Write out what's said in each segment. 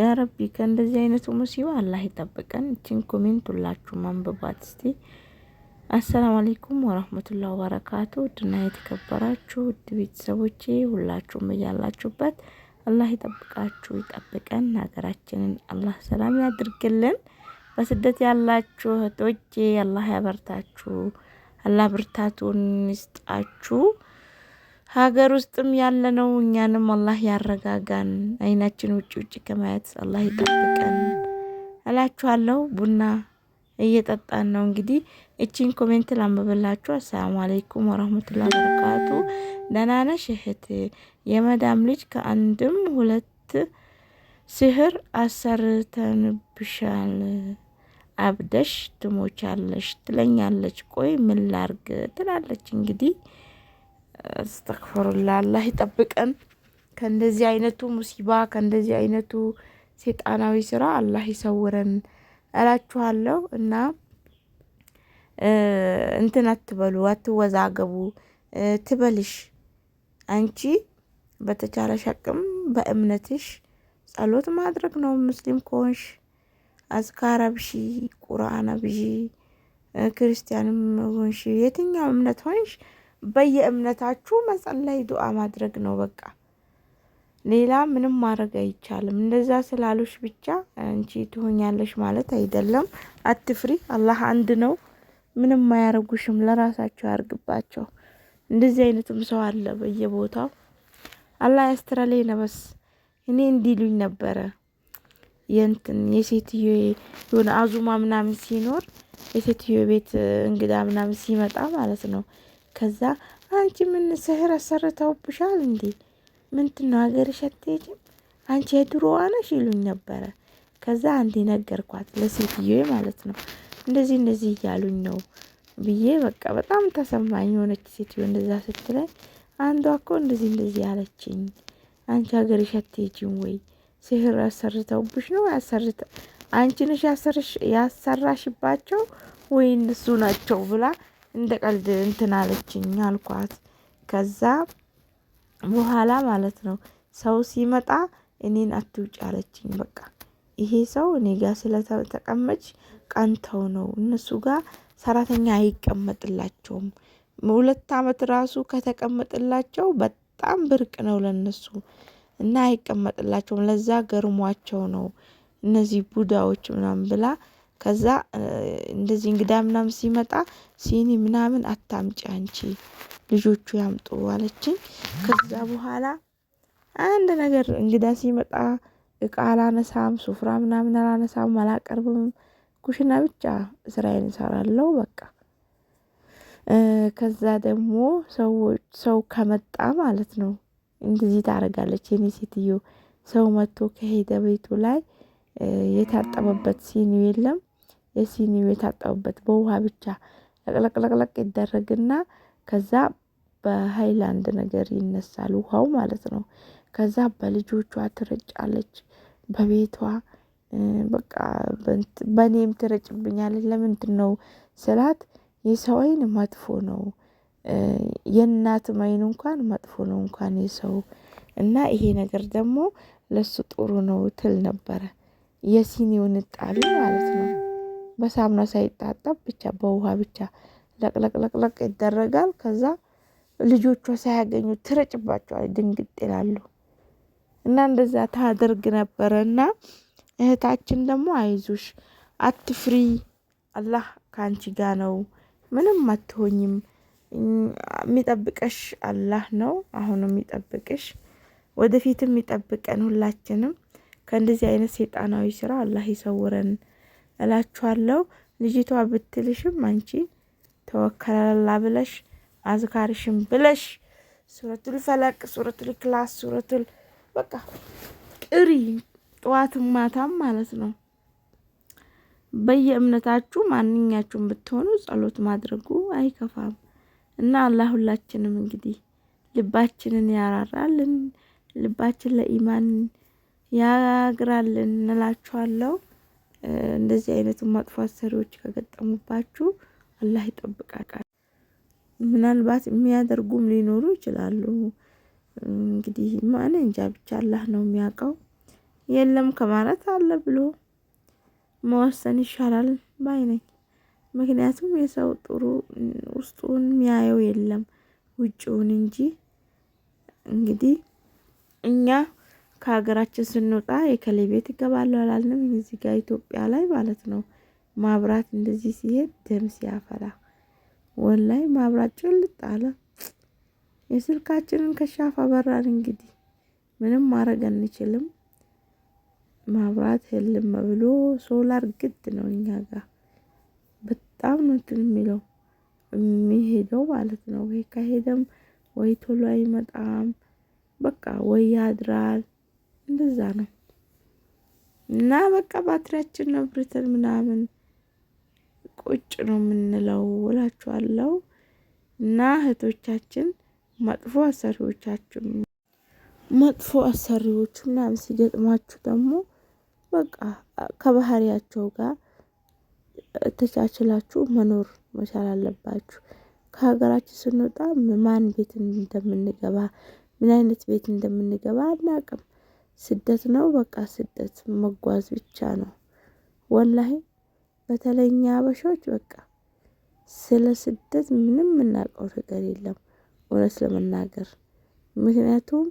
ያረቢ ከእንደዚህ አይነቱ ሙሲባ አላህ ይጠብቀን። እችን ኮሜንት ሁላችሁ ማንበባት እስቲ። አሰላሙ አለይኩም ወረህመቱላ ወበረካቱ። ውድና የተከበራችሁ ውድ ቤተሰቦቼ ሁላችሁም እያላችሁበት አላህ ይጠብቃችሁ ይጠብቀን። ሀገራችንን አላህ ሰላም ያድርግልን። በስደት ያላችሁ እህቶቼ አላህ ያበርታችሁ፣ አላህ ብርታቱን ይስጣችሁ። ሀገር ውስጥም ያለነው እኛንም አላህ ያረጋጋን፣ አይናችን ውጭ ውጭ ከማየት አላህ ይጠብቀን እላችኋለሁ። ቡና እየጠጣን ነው እንግዲህ። እቺን ኮሜንት ላንብብላችሁ። አሰላሙ አለይኩም ወራህመቱላ በረካቱ። ደናነሽ እህት፣ የመዳም ልጅ ከአንድም ሁለት ስህር አሰርተንብሻል አብደሽ ትሞቻለሽ ትለኛለች። ቆይ ምን ላርግ ትላለች እንግዲህ ስተክፈሩላ አላህ ይጠብቀን ከእንደዚህ አይነቱ ሙሲባ ከእንደዚህ አይነቱ ሴጣናዊ ስራ አላህ ይሰውረን እላችኋለሁ። እና እንትን አትበሉ፣ አትወዛገቡ። ትበልሽ አንቺ በተቻለሽ አቅም በእምነትሽ ጸሎት ማድረግ ነው። ሙስሊም ከሆንሽ አዝካራ አብዢ፣ ቁርአን ብዢ፣ ክርስቲያንም ሆንሽ የትኛው እምነት ሆንሽ በየእምነታችሁ መጸለይ፣ ዱአ ማድረግ ነው በቃ። ሌላ ምንም ማድረግ አይቻልም። እንደዛ ስላሉሽ ብቻ አንቺ ትሆኛለሽ ማለት አይደለም። አትፍሪ፣ አላህ አንድ ነው። ምንም አያረጉሽም። ለራሳቸው ያርግባቸው። እንደዚህ አይነትም ሰው አለ በየቦታው። አላህ ያስተራላይ ነበስ እኔ እንዲሉኝ ነበረ የእንትን የሴትዮ የሆነ አዙማ ምናምን ሲኖር የሴትዮ ቤት እንግዳ ምናምን ሲመጣ ማለት ነው ከዛ አንቺ ምን ስህር አሰርተውብሻል እንዴ? ምንድን ነው ሀገርሽ አትሄጂም? አንቺ የድሮዋ ነሽ ይሉኝ ነበረ። ከዛ አንዴ ነገርኳት ለሴትዮ ማለት ነው። እንደዚህ እንደዚህ እያሉኝ ነው ብዬ በቃ በጣም ተሰማኝ። የሆነች ሴትዮ እንደዛ ስትለኝ አንዷ እኮ እንደዚህ እንደዚህ ያለችኝ፣ አንቺ ሀገርሽ አትሄጂም ወይ ስህር አሰርተውብሽ ነው ያሰርተ አንቺ ነሽ ያሰራሽባቸው ወይ እነሱ ናቸው ብላ እንደ ቀልድ እንትን አለችኝ አልኳት። ከዛ በኋላ ማለት ነው ሰው ሲመጣ እኔን አትውጭ አለችኝ። በቃ ይሄ ሰው እኔ ጋር ስለተቀመጭ ቀንተው ነው እነሱ ጋር ሰራተኛ አይቀመጥላቸውም። ሁለት አመት ራሱ ከተቀመጥላቸው በጣም ብርቅ ነው ለነሱ እና አይቀመጥላቸውም። ለዛ ገርሟቸው ነው እነዚህ ቡዳዎች ምናምን ብላ ከዛ እንደዚህ እንግዳ ምናምን ሲመጣ ሲኒ ምናምን አታምጪ አንቺ ልጆቹ ያምጡ አለችኝ። ከዛ በኋላ አንድ ነገር እንግዳ ሲመጣ እቃ አላነሳም ሱፍራ ምናምን አላነሳም አላቀርብም ኩሽና ብቻ ስራዬን እሰራለሁ በቃ። ከዛ ደግሞ ሰዎች ሰው ከመጣ ማለት ነው እንደዚህ ታደርጋለች የኔ ሴትዮ ሰው መጥቶ ከሄደ ቤቱ ላይ የታጠበበት ሲኒ የለም የሲኒው የታጠቡበት በውሃ ብቻ ለቅለቅለቅለቅ ይደረግና ከዛ በሃይላንድ ነገር ይነሳል ውሃው ማለት ነው። ከዛ በልጆቿ ትረጫለች፣ በቤቷ በቃ በእኔም ትረጭብኛለች። ለምንድን ነው ስላት የሰው አይን መጥፎ ነው፣ የእናት አይን እንኳን መጥፎ ነው እንኳን የሰው እና ይሄ ነገር ደግሞ ለሱ ጥሩ ነው ትል ነበረ። የሲኒው ጣቢ ማለት ነው። በሳሙና ሳይጣጠብ ብቻ በውሃ ብቻ ለቅለቅለቅለቅ ይደረጋል። ከዛ ልጆቿ ሳያገኙ ትረጭባቸዋል፣ ድንግጥ ይላሉ። እና እንደዛ ታደርግ ነበረ እና እህታችን ደግሞ አይዞሽ፣ አትፍሪ፣ አላህ ከአንቺ ጋ ነው፣ ምንም አትሆኝም፣ የሚጠብቀሽ አላህ ነው። አሁንም የሚጠብቅሽ ወደፊትም የሚጠብቀን ሁላችንም ከእንደዚህ አይነት ሰይጣናዊ ስራ አላህ ይሰውረን። እላችኋለሁ። ልጅቷ ብትልሽም አንቺ ተወከለላ ብለሽ አዝካርሽም ብለሽ ሱረቱል ፈለቅ፣ ሱረቱል ክላስ፣ ሱረቱል በቃ ቅሪ ጠዋትም ማታም ማለት ነው። በየእምነታችሁ ማንኛችሁም ብትሆኑ ጸሎት ማድረጉ አይከፋም እና አላህ ሁላችንም እንግዲህ ልባችንን ያራራልን፣ ልባችን ለኢማን ያግራልን እንላችኋለሁ። እንደዚህ አይነቱ ማጥፋት ሰሪዎች ከገጠሙባችሁ አላህ ይጠብቃቃል። ምናልባት የሚያደርጉም ሊኖሩ ይችላሉ። እንግዲህ ማን እንጃ ብቻ አላህ ነው የሚያውቀው። የለም ከማለት አለ ብሎ መወሰን ይሻላል ባይ ነኝ። ምክንያቱም የሰው ጥሩ ውስጡን የሚያየው የለም ውጭውን እንጂ እንግዲህ እኛ ከሀገራችን ስንወጣ የከሌ ቤት እገባለሁ አላልንም። እዚህ ጋር ኢትዮጵያ ላይ ማለት ነው ማብራት እንደዚህ ሲሄድ ደም ሲያፈላ ላይ ማብራት ጭልጥ አለ። የስልካችንን ከሻፍ አበራን። እንግዲህ ምንም ማድረግ አንችልም። ማብራት ህልም ብሎ ሶላር ግድ ነው እኛ ጋር በጣም ነትን የሚለው የሚሄደው ማለት ነው። ወይ ከሄደም ወይ ቶሎ አይመጣም። በቃ ወይ ያድራል እንደዛ ነው እና በቃ ባትሪያችን ነው ምናምን ቁጭ ነው የምንለው እላችኋለሁ። እና እህቶቻችን መጥፎ አሰሪዎቻችን መጥፎ አሰሪዎች ምናምን ሲገጥማችሁ ደግሞ በቃ ከባህሪያቸው ጋር ተቻችላችሁ መኖር መቻል አለባችሁ። ከሀገራችን ስንወጣ ማን ቤት እንደምንገባ ምን አይነት ቤት እንደምንገባ አናቅም። ስደት ነው በቃ ስደት መጓዝ ብቻ ነው። ወላሂ በተለኛ እኛ በቃ ስለ ስደት ምንም የምናውቀው ነገር የለም እውነት ለመናገር ምክንያቱም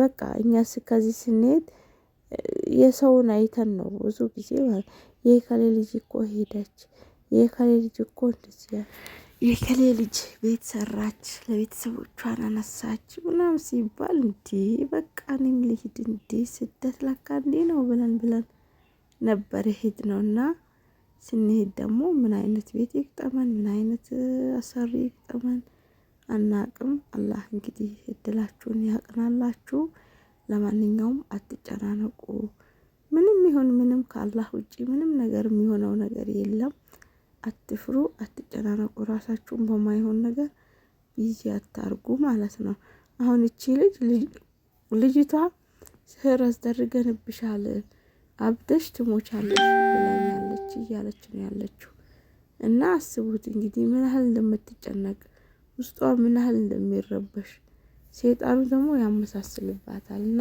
በቃ እኛ ከዚህ ስንሄድ የሰውን አይተን ነው ብዙ ጊዜ ማለት ልጅ እኮ ሄደች፣ የከሌ ልጅ እኮ እንደዚህ የከሌ ልጅ ቤት ሰራች፣ ለቤተሰቦቿን አነሳች ምናምን ሲባል እንዴ በቃ እኔም ልሂድ እንዴ ስደት ለካ እንዴ ነው ብለን ብለን ነበር ሄድ ነው እና ስንሄድ ደግሞ ምን አይነት ቤት ይቅጠመን፣ ምን አይነት አሰሪ ይቅጠመን አናቅም። አላህ እንግዲህ እድላችሁን ያቅናላችሁ። ለማንኛውም አትጨናነቁ። ምንም ይሁን ምንም ከአላህ ውጪ ምንም ነገር የሚሆነው ነገር የለም። አትፍሩ፣ አትጨናነቁ። ራሳችሁን በማይሆን ነገር ቢዚ አታርጉ ማለት ነው። አሁን እቺ ልጅ ልጅቷ ስህር አስደርገንብሻል፣ አብደሽ ትሞቻለሽ ብላኛለች እያለች ነው ያለችው። እና አስቡት እንግዲህ ምን ያህል እንደምትጨነቅ ውስጧ ምን ያህል እንደሚረበሽ ሴጣኑ ደግሞ ያመሳስልባታል። እና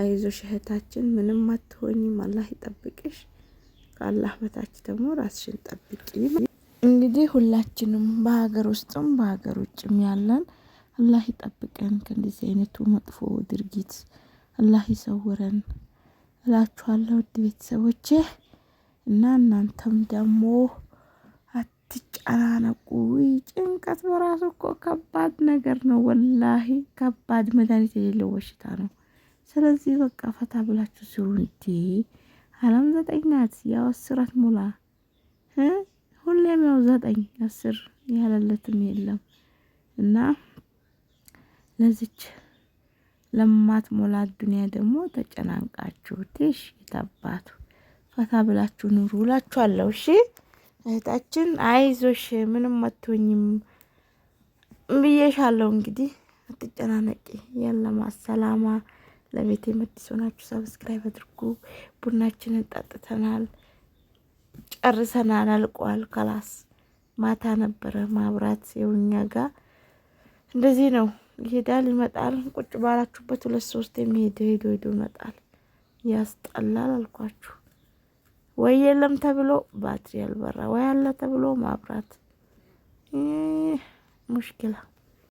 አይዞሽ እህታችን ምንም አትሆኝም፣ አላህ ይጠብቅሽ። ከአላህ በታች ደግሞ ራስሽን ጠብቂ። እንግዲህ ሁላችንም በሀገር ውስጥም በሀገር ውጭም ያለን አላህ ይጠብቀን ከእንደዚህ አይነቱ መጥፎ ድርጊት አላህ ይሰውረን እላችኋለሁ ውድ ቤተሰቦቼ እና እናንተም ደግሞ አትጨናነቁ። ጭንቀት በራሱ እኮ ከባድ ነገር ነው። ወላሂ ከባድ መድኃኒት የሌለው በሽታ ነው። ስለዚህ በቃ ፈታ ብላችሁ ሲሆን አላም ዘጠኝ ናት። ያው አስር አትሞላ። ሁሌም ያው ዘጠኝ አስር ያለለትም የለም እና ለዚች ለማትሞላ ዱንያ ደግሞ ተጨናንቃችሁ ትሽ የታባቱ ፈታ ብላችሁ ኑሩ እላችኋለሁ። እሺ እህታችን አይዞሽ፣ ምንም አትሆኝም ብዬሻለሁ። እንግዲህ አትጨናነቂ። የለም አሰላማ ለቤት የመድስ ሆናችሁ ሰብስክራይብ አድርጉ። ቡናችንን ጠጥተናል፣ ጨርሰናል፣ አልቋል። ከላስ ማታ ነበረ ማብራት የውኛ ጋ እንደዚህ ነው። ይሄዳል ይመጣል። ቁጭ ባላችሁበት ሁለት ሶስት የሚሄድ ሄዶ ሄዶ ይመጣል። ያስጠላል አልኳችሁ። ወይ የለም ተብሎ ባትሪ ያልበራ ወይ አለ ተብሎ ማብራት ሙሽኪላ